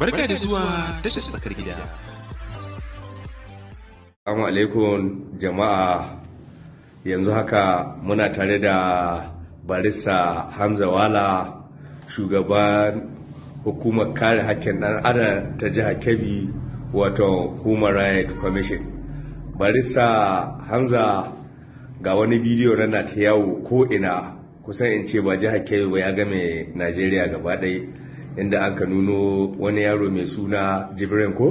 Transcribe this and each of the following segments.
Barka da zuwa tashar tsakar gida. Assalamu alaikum jama'a yanzu haka muna tare da barista Hamza Wala shugaban hukumar kare hakkin ɗan adam ta jihar Kebbi wato Human Rights Commission. Barista Hamza ga wani bidiyo na ta yawo ko ina kusan in ce ba jihar Kebbi ba ya game Najeriya gaba ɗaya. inda an ka nuno wani yaro mai suna jibirin ko?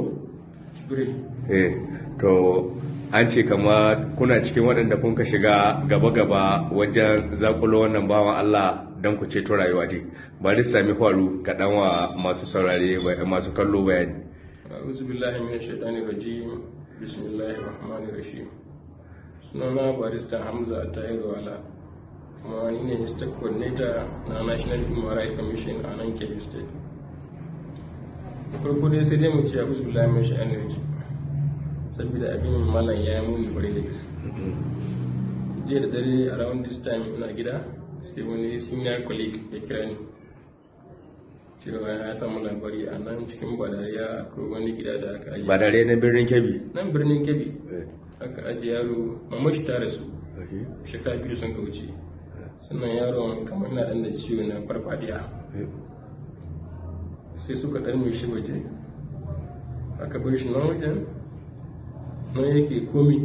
jibirin eh to an ce kama kuna cikin waɗanda kun ka shiga gaba-gaba wajen zakulo wannan bawan Allah don ku ceto rayuwa dai da sami faru kaɗan wa masu saurare masu kallo bayani a'udhu billahi shaitani rajim bismillahir rahmanir rahim sunana barista hamza yi wala kuma ni ne state coordinator na national human rights commission a nan kebbi state farko dai sai dai mu ce abu zula mai sha'anar ji saboda abin malam ya yi muni kwarai da gaske jiya da dare around this time ina gida sai wani senior colleague ya kira ni cewa ya samu labari a nan cikin badariya akwai wani gida da aka ajiye badare na birnin kebbi nan birnin kebbi eh. aka ajiye yaro mamashi ta rasu shekara biyu sun kauce sannan yaron kamar na ɗan da ciwo na farfadiya sai suka ɗan mai shi waje aka bar shi nan wajen nan yake komi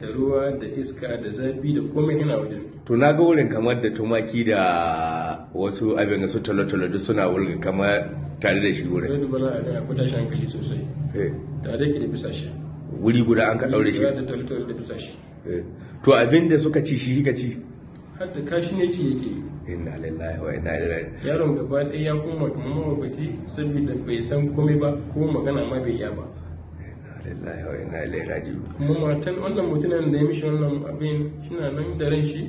da ruwa da iska da zafi da komai yana wajen to na ga wurin kamar da tumaki da wasu abin da su talo-talo duk suna wurin kamar tare da shi wurin da bala a kan shi hankali sosai eh. tare da bisa shi wuri guda an ka daure shi da talo da bisa shi eh. to abin da suka ci shi ka ci hatta ne yake yake inna lillahi wa inna ilaihi yaron gaba ɗaya ya koma kamar mabaci saboda bai san komai ba ko magana ma bai iya ba lillahi wa inna ilaihi raji'un kuma matan wannan mutumin da ya mishi wannan abin shina nan da ran shi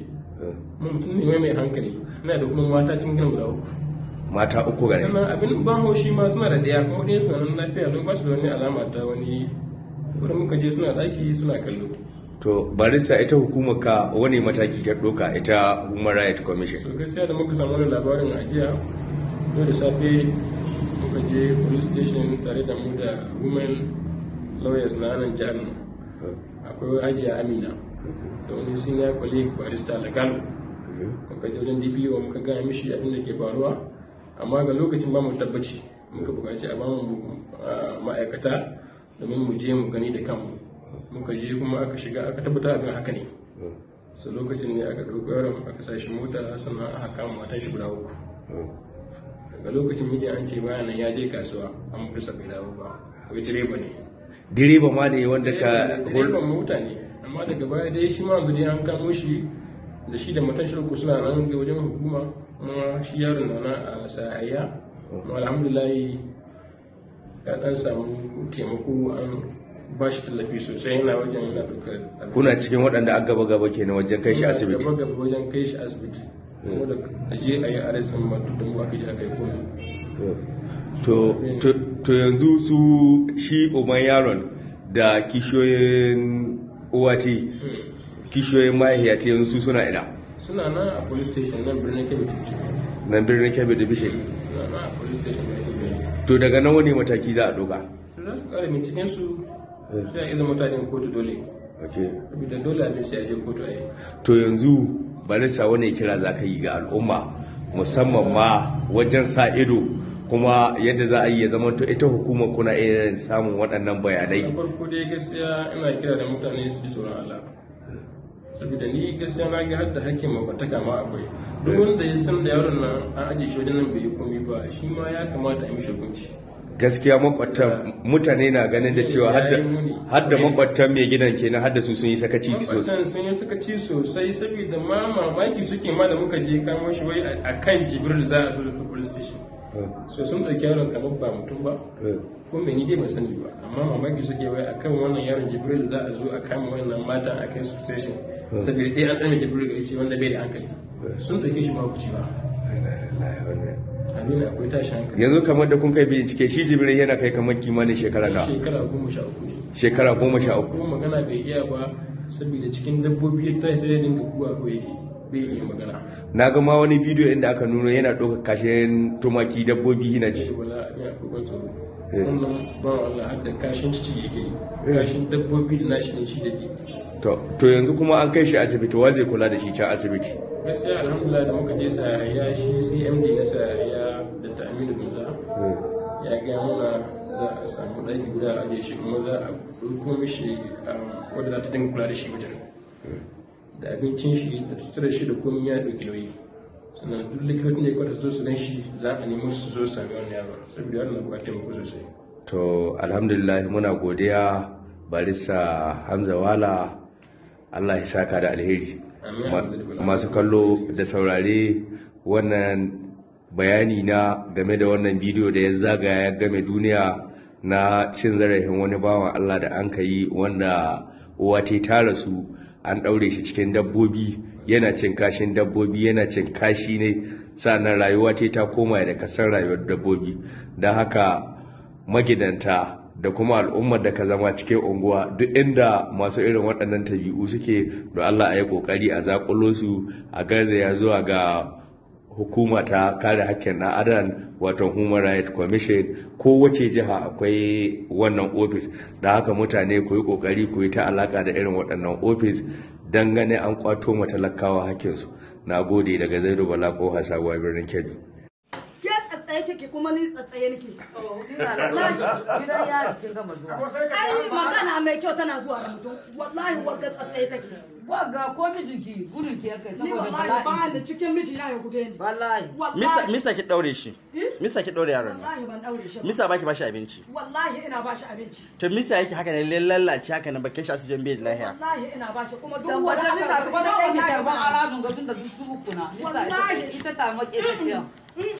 eh. mu mutum ne mai hankali ina da kuma mata cin gidan guda uku mata uku gare sannan abin ba shi ma suna da daya kuma ɗaya suna nan lafiya don ba su da wani alama ta wani wurin muka je suna ɗaki suna kallo to barista ita hukumar ka wani mataki ta doka ita human rights commission so gaskiya da muka samu labarin ajiya yau da safe muka je police station tare da mu da women lawyers na nan jihar nan, akwai ajiya amina da wani senior colleague barista lagalo muka je wajen dpo muka gaya mishi abin da ke faruwa amma ga lokacin ba mu tabbaci muka buƙaci a bamu ah, ma'aikata domin mu je mu gani da kanmu muka je kuma aka shiga aka tabbata abin haka ne hmm. su lokacin ne aka ɗauki yaron aka sa shi mota sannan aka kama matan shi guda uku hmm. daga lokacin mijin an ce bayan nan ya je kasuwa an mutu sabbin dawo ba wai direba ne direba ma ne wanda ka direba mota ne amma daga baya dai shi ma dai an kamo shi da shi da matan shi uku suna nan ga wajen hukuma kuma shi yaron na a sahaya hmm. alhamdulillah ya dan samu taimako an ba shi tallafi sosai yana wajen yana dokar kuna cikin waɗanda an gaba gaba ke na wajen kai shi asibiti gaba hmm. gaba wajen kai shi asibiti kuma da aje a yi arsin matuɗin ba ka ji aka yi kuma hmm. to yanzu su shi uban yaron da kishiyoyin uwati hmm. kishiyoyin mahaifiyata yanzu suna ina suna nan a police station nan birnin kebbi da bishe nan birnin kebbi da bishe suna nan a police station nan to daga nan wani mataki za a doka su za su ƙara cikin sai a izin mutanen kotu dole okay saboda dole ne sai a je kotu a yi to yanzu barisa wani kira za ka yi ga al'umma musamman ma wajen sa ido kuma yadda za a yi ya zamanto ita hukumar kuna iya samun waɗannan bayanai na farko dai gaskiya ina kira da mutane su ji tsoron Allah saboda ni gaskiya na ga hadda hakkin mafataka ma akwai duk wanda ya san da yaron nan an aje shi wajen nan bai yi komai ba shi ma ya kamata a yi mishi hukunci gaskiya makwatan mutane na ganin da cewa hadda makwatan mai gidan kenan hadda su sun yi sakaci sosai sun yi sakaci sosai saboda ma mamaki suke ma da muka je kamo shi wai a kan jibril za a zo da su police station eh. so sun ɗauki yaron kamar ba mutum ba eh. ko me ni dai ba sani ba amma mamaki suke wai a kan wannan yaron jibril za a zo a kama wannan mata a kai su station eh. saboda dai an ɗan jibril ga ce wanda bai da hankali sun ɗauki shi ma kuci ba yanzu kamar da kun kai bincike shi jibirin yana kai kamar kimanin shekara na shekara goma sha uku ne shekara goma sha uku kuma magana bai iya ba saboda cikin dabbobi ta sai da dinga kuwa ko yake bai iya magana na ga ma wani bidiyo inda aka nuno yana ɗaukar kashin tumaki dabbobi yana ci eh, eh. wannan ba wala har da kashin ciki yake kashin dabbobi da nashi ne shi da ke to yanzu kuma an kai shi asibiti wa zai kula da shi can asibiti gaskiya alhamdulillah da muka je sayayya shi cmd na sayayya da ta'aminu gunza hmm. ya gaya mana za a samu ɗaki guda a ajiye shi kuma za a ɗauko mishi um, wadda za ta dinga kula da shi wajen hmm. da abincin shi da tattara shi da komai ya ɗauki nauyi sannan duk likitocin da ya kwata zo su gan shi za a nemo su zo su sami wani yaro saboda yana buƙatar taimako sosai to alhamdulillah muna godiya barista hamza wala Allah ya saka da alheri masu kallo da saurare wannan bayani na game da wannan bidiyo da ya zagaya ya game duniya na cin zarafin wani bawan Allah da an yi wanda uwa ta tara su an ɗaure shi cikin dabbobi yana cin kashin dabbobi yana cin kashi ne sannan rayuwa ta koma da kasar rayuwar dabbobi don haka magidanta da kuma al'ummar da ka zama cikin unguwa duk inda masu irin waɗannan tabi'u suke da Allah a yi ƙoƙari a zaƙulo su a garzaya zuwa ga hukuma ta kare hakkin ɗan adam wato human rights commission ko wace jiha akwai wannan ofis da haka mutane ku yi ƙoƙari ku yi ta alaƙa da irin waɗannan ofis don gane an ƙwato matalakawa hakkinsu na gode daga zaidu bala ko hasawa birnin kebbi kike kuma ni tsatsaye nake zuwa ai magana mai kyau tana zuwa da mutum wallahi wagga tsatsaye take ko gudun ki saboda ni wallahi ba ni cikin miji na ya ni wallahi misa misa ki daure shi eh? misa ki daure yaron wallahi ban daure shi misa baki bashi abinci wallahi ina bashi abinci to misa yake haka ne lallace haka ne bakin shi bai lahiya wallahi ina bashi kuma duk wanda ba ga tunda duk su hukuna ita ta make